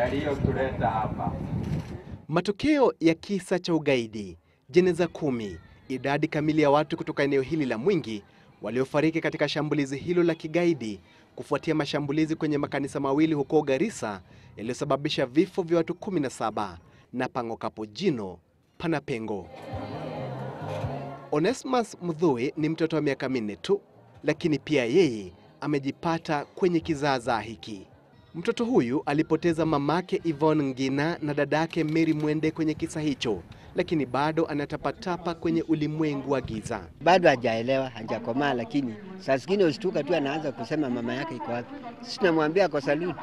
yaliyotuleta hapa. Matokeo ya kisa cha ugaidi, jeneza kumi, idadi kamili ya watu kutoka eneo hili la Mwingi waliofariki katika shambulizi hilo la kigaidi kufuatia mashambulizi kwenye makanisa mawili huko Garissa yaliyosababisha vifo vya watu 17 na pang'okapo jino pana pengo. Onesmus Mudhui ni mtoto wa miaka minne tu, lakini pia yeye amejipata kwenye kizaazaa hiki. Mtoto huyu alipoteza mamake Yvonne Ngina na dadake Mary Mwende kwenye kisa hicho, lakini bado anatapatapa kwenye ulimwengu wa giza. Bado hajaelewa, hajakomaa, lakini saa zingine usituka tu anaanza kusema mama yake iko wapi. Sisi tunamwambia kwa saluni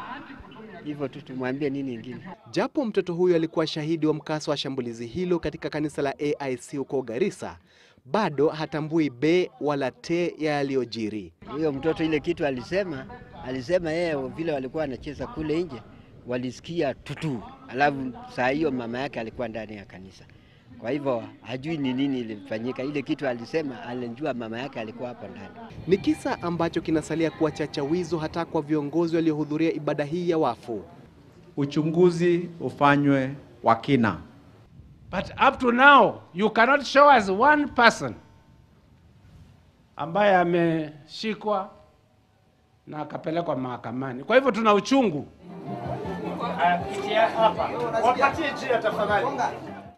hivyo tu, tumwambie nini ingine. Japo mtoto huyu alikuwa shahidi wa mkasa wa shambulizi hilo katika kanisa la AIC huko Garissa, bado hatambui be wala te yaliyojiri. Huyo mtoto ile kitu alisema alisema yeye vile walikuwa wanacheza kule nje walisikia tutu, alafu saa hiyo mama yake alikuwa ndani ya kanisa. Kwa hivyo hajui ni nini ilifanyika. Ile kitu alisema, alijua mama yake alikuwa hapo ndani. Ni kisa ambacho kinasalia kuwa cha hata kwa viongozi waliohudhuria ibada hii ya wafu. Uchunguzi ufanywe wa kina. But up to now you cannot show us one person ambaye ameshikwa na akapelekwa mahakamani. Kwa hivyo tuna uchungu.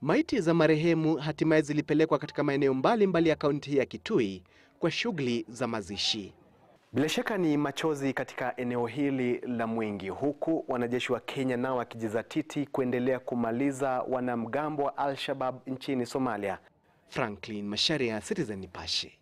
Maiti za marehemu hatimaye zilipelekwa katika maeneo mbalimbali ya kaunti ya Kitui kwa shughuli za mazishi. Bila shaka ni machozi katika eneo hili la Mwingi, huku wanajeshi wa Kenya nao wakijizatiti kuendelea kumaliza wanamgambo wa al shabab nchini Somalia. Franklin Masharia, Citizen Nipashe.